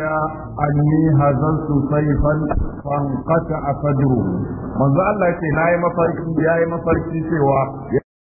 anni hazantu sayfan fanqata afadru manzo Allah yake nayi mafarki yayi mafarki cewa